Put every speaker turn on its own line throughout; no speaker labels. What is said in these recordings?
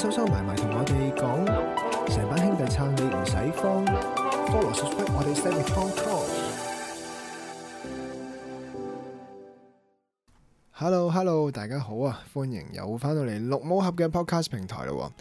收收埋埋同我哋講，成班兄弟撐你唔使慌。Follow subscribe 我哋 send 你 podcast。Hello，Hello， hello, 大家好啊，歡迎又翻到嚟綠帽會嘅 podcast 平台咯、哦。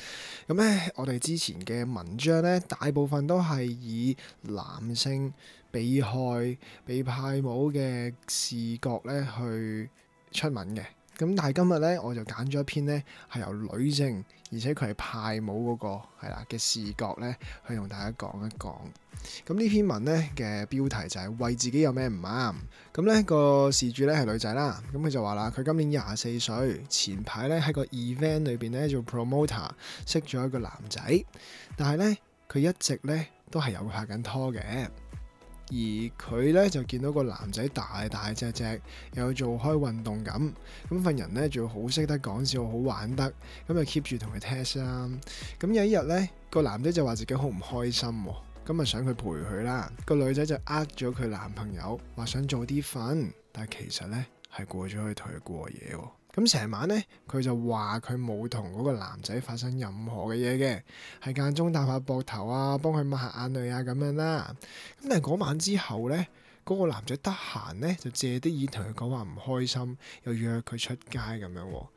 咁咧，我哋之前嘅文章咧，大部分都係以男性被害、被派帽嘅視角咧去出文嘅。咁但係今日咧，我就揀咗一篇咧係由女性，而且佢係派舞嗰、那個係啦嘅視角咧，去同大家講一講。咁呢篇文咧嘅標題就係為自己有咩唔啱。咁、那、咧個事主咧係女仔啦，咁佢就話啦，佢今年廿四歲，前排咧喺個 event 裏邊咧做 promoter，識咗一個男仔，但係咧佢一直咧都係有拍緊拖嘅。而佢咧就見到個男仔大大隻隻，又做開運動咁，咁份人咧仲要好識得講笑，好玩得，咁就 keep 住同佢 test 啦。咁有一日咧，個男仔就話自己好唔開心，咁啊想佢陪佢啦。個女仔就呃咗佢男朋友，話想早啲瞓，但係其實咧係過咗去同佢過夜喎、喔。咁成晚咧，佢就話佢冇同嗰個男仔發生任何嘅嘢嘅，係間中搭下膊頭啊，幫佢抹下眼淚啊咁樣啦、啊。咁但係嗰晚之後咧，嗰、嗰個男仔得閒咧就借啲意同佢講話唔開心，又約佢出街咁樣、啊。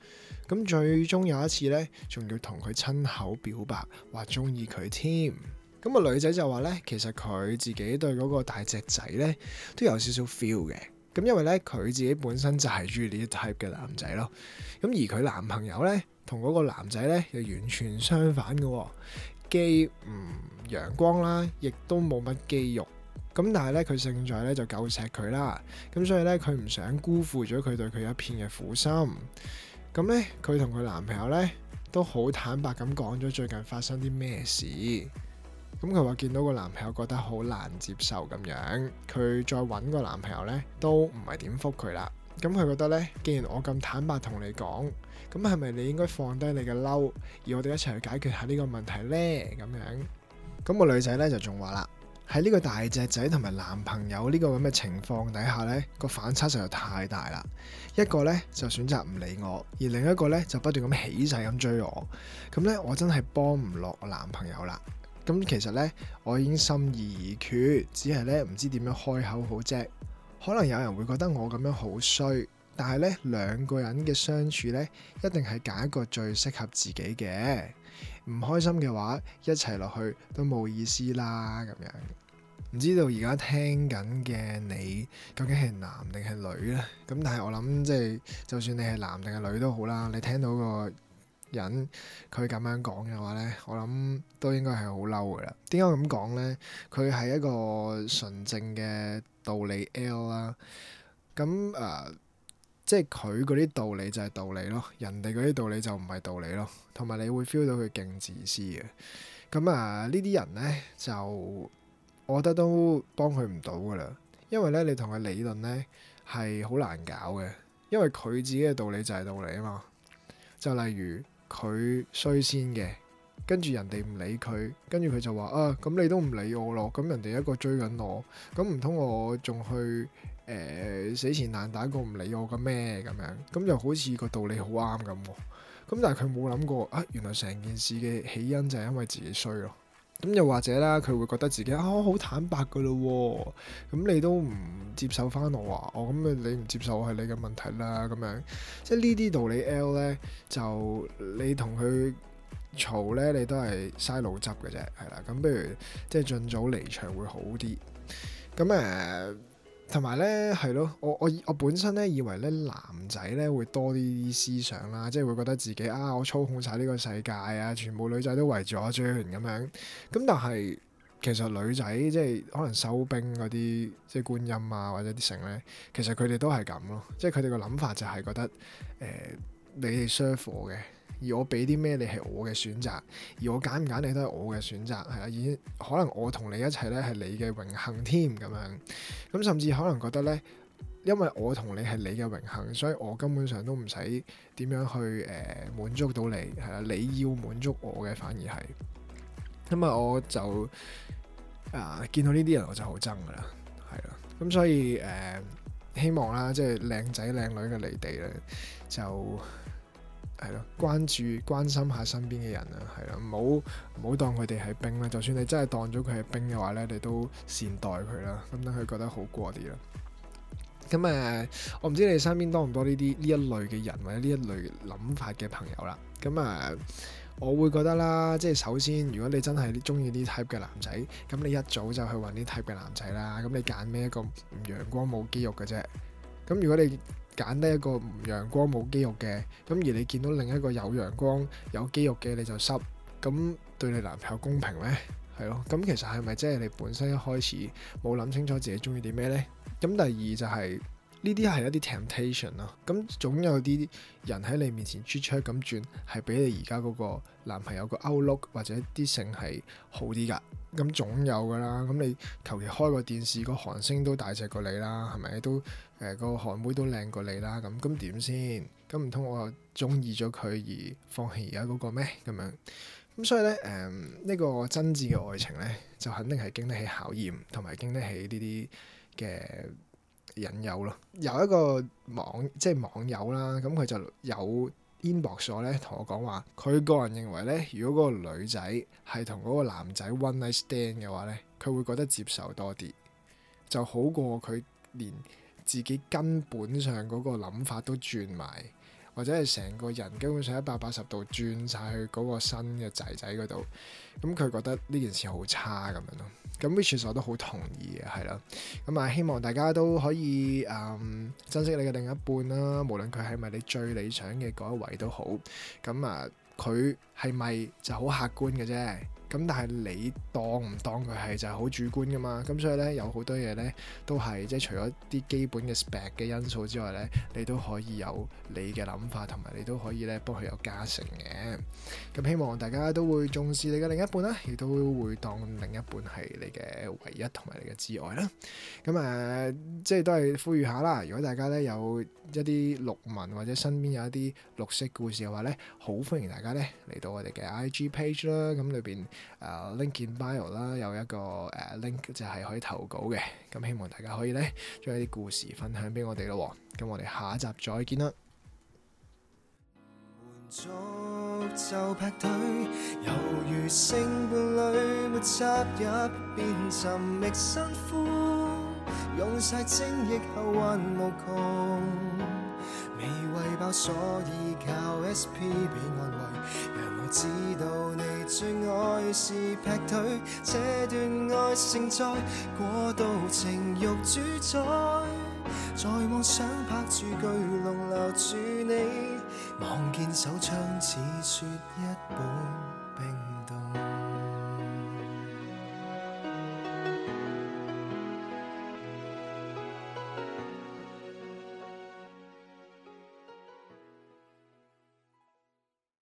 咁最終有一次咧，仲要同佢親口表白話中意佢添。咁啊、嗰個、女仔就話咧，其實佢自己對嗰個大隻仔咧都有少少 feel 嘅。咁因為咧，佢自己本身就係住呢一 type 嘅男仔咯。咁而佢男朋友咧，同嗰個男仔咧，又完全相反嘅，既唔陽光啦，亦都冇乜肌肉。咁但係咧，佢勝在咧就夠錫佢啦。咁所以咧，佢唔想辜負咗佢對佢一片嘅苦心。咁咧，佢同佢男朋友咧都好坦白咁講咗最近發生啲咩事。咁佢話見到個男朋友覺得好難接受咁樣，佢再搵個男朋友呢都唔係點覆佢啦。咁佢覺得呢，既然我咁坦白同你講，咁係咪你應該放低你嘅嬲，而我哋一齊去解決下呢個問題呢？咁樣，咁個女仔呢就仲話啦，喺呢個大隻仔同埋男朋友呢個咁嘅情況底下呢，個反差實在太大啦。一個呢就選擇唔理我，而另一個呢就不斷咁起勢咁追我。咁呢，我真係幫唔落個男朋友啦。咁其實呢，我已經心意已決，只係呢唔知點樣開口好啫。可能有人會覺得我咁樣好衰，但係呢兩個人嘅相處呢，一定係揀一個最適合自己嘅。唔開心嘅話，一齊落去都冇意思啦。咁樣唔知道而家聽緊嘅你究竟係男定係女呢？咁但係我諗即係，就算你係男定係女都好啦，你聽到個人佢咁樣講嘅話呢，我諗都應該係好嬲噶啦。點解咁講呢？佢係一個純正嘅道理 L 啦。咁、呃、誒，即係佢嗰啲道理就係道理咯，人哋嗰啲道理就唔係道理咯。同埋你會 feel 到佢勁自私嘅。咁啊，呢、呃、啲人呢，就我覺得都幫佢唔到噶啦，因為呢，你同佢理論呢，係好難搞嘅，因為佢自己嘅道理就係道理啊嘛。就例如。佢衰先嘅，跟住人哋唔理佢，跟住佢就話啊，咁你都唔理我咯，咁人哋一個追緊我，咁唔通我仲去誒、呃、死纏爛打個唔理我嘅咩咁樣，咁就好似個道理好啱咁，咁但係佢冇諗過啊，原來成件事嘅起因就係因為自己衰咯。咁又或者啦，佢會覺得自己啊好，哦、坦白噶咯喎，咁你都唔接受翻我啊，我，哦、咁你唔接受我係你嘅問題啦，咁樣即係呢啲道理 L 咧，就你同佢嘈咧，你都係嘥腦汁嘅啫，係啦，咁不如即係盡早離場會好啲，咁誒、啊。同埋咧，係咯，我我我本身咧以為咧男仔咧會多啲思想啦，即係會覺得自己啊，我操控晒呢個世界啊，全部女仔都圍住我轉咁樣。咁但係其實女仔即係可能收兵嗰啲，即係觀音啊或者啲城咧，其實佢哋都係咁咯，即係佢哋個諗法就係覺得誒、呃，你哋削火嘅。而我俾啲咩你係我嘅選擇，而我揀唔揀你都係我嘅選擇，係啦。而可能我同你一齊咧係你嘅榮幸添咁樣，咁甚至可能覺得咧，因為我同你係你嘅榮幸，所以我根本上都唔使點樣去誒滿足到你，係啦。你要滿足我嘅反而係，咁啊，我就啊見到呢啲人我就好憎噶啦，係啦。咁所以誒，希望啦，即係靚仔靚女嘅你哋咧就～係咯，關注關心下身邊嘅人啊，係啦，唔好唔好當佢哋係兵咧。就算你真係當咗佢係兵嘅話呢，你都善待佢啦，咁等佢覺得好過啲啦。咁誒，我唔知你身邊多唔多呢啲呢一類嘅人或者呢一類諗法嘅朋友啦。咁啊，我會覺得啦，即係首先，如果你真係中意呢 type 嘅男仔，咁你一早就去揾啲 type 嘅男仔啦。咁你揀咩一個唔陽光冇肌肉嘅啫？咁如果你揀得一個唔陽光冇肌肉嘅，咁而你見到另一個有陽光有肌肉嘅你就濕，咁對你男朋友公平咩？係咯，咁其實係咪即係你本身一開始冇諗清楚自己中意啲咩呢？咁第二就係。呢啲係一啲 temptation 咯，咁總有啲人喺你面前轉出咁轉，係俾你而家嗰個男朋友個 outlook 或者啲性係好啲噶，咁總有噶啦。咁你求其開個電視，個韓星都大隻過你啦，係咪都誒、呃嗰個韓妹都靚過你啦？咁咁點先？咁唔通我又中意咗佢而放棄而家嗰個咩？咁樣咁所以咧誒呢、嗯呢個真摯嘅愛情咧，就肯定係經得起考驗，同埋經得起呢啲嘅。引誘咯，有一個網即係網友啦，咁佢就有 inbox 咗咧，同我講話，佢個人認為咧，如果嗰個女仔係同嗰個男仔 one night stand 嘅話咧，佢會覺得接受多啲，就好過佢連自己根本上嗰個諗法都轉埋。或者係成個人基本上一百八十度轉晒去嗰個新嘅仔仔嗰度，咁佢覺得呢件事好差咁樣咯。咁 which 我都好同意嘅，係啦。咁啊，希望大家都可以誒、嗯、珍惜你嘅另一半啦，無論佢係咪你最理想嘅嗰一位都好。咁啊，佢係咪就好客觀嘅啫？咁但係你當唔當佢係就係好主觀噶嘛？咁所以咧，有好多嘢咧，都係即係除咗啲基本嘅 spec 嘅因素之外咧，你都可以有你嘅諗法，同埋你都可以咧幫佢有加成嘅。咁希望大家都會重視你嘅另一半啦，啊，亦都會當另一半係你嘅唯一同埋你嘅摯愛啦。咁誒、啊，即係都係呼籲下啦。如果大家咧有一啲綠文或者身邊有一啲綠色故事嘅話咧，好歡迎大家咧嚟到。我哋嘅 IG page 啦，咁裏邊誒 link in bio 啦，有一個誒、uh, link 就係可以投稿嘅，咁希望大家可以咧將啲故事分享俾我哋咯，咁我哋下一集再見啦。唔滿足就劈猶如插入，覓用晒精液後患無窮，未餵飽，所以靠 SP 俾安慰。知道你最愛是劈腿，這段愛盛在過度情欲主宰，在妄想拍住巨龍留住你，望見手槍似雪一般冰凍。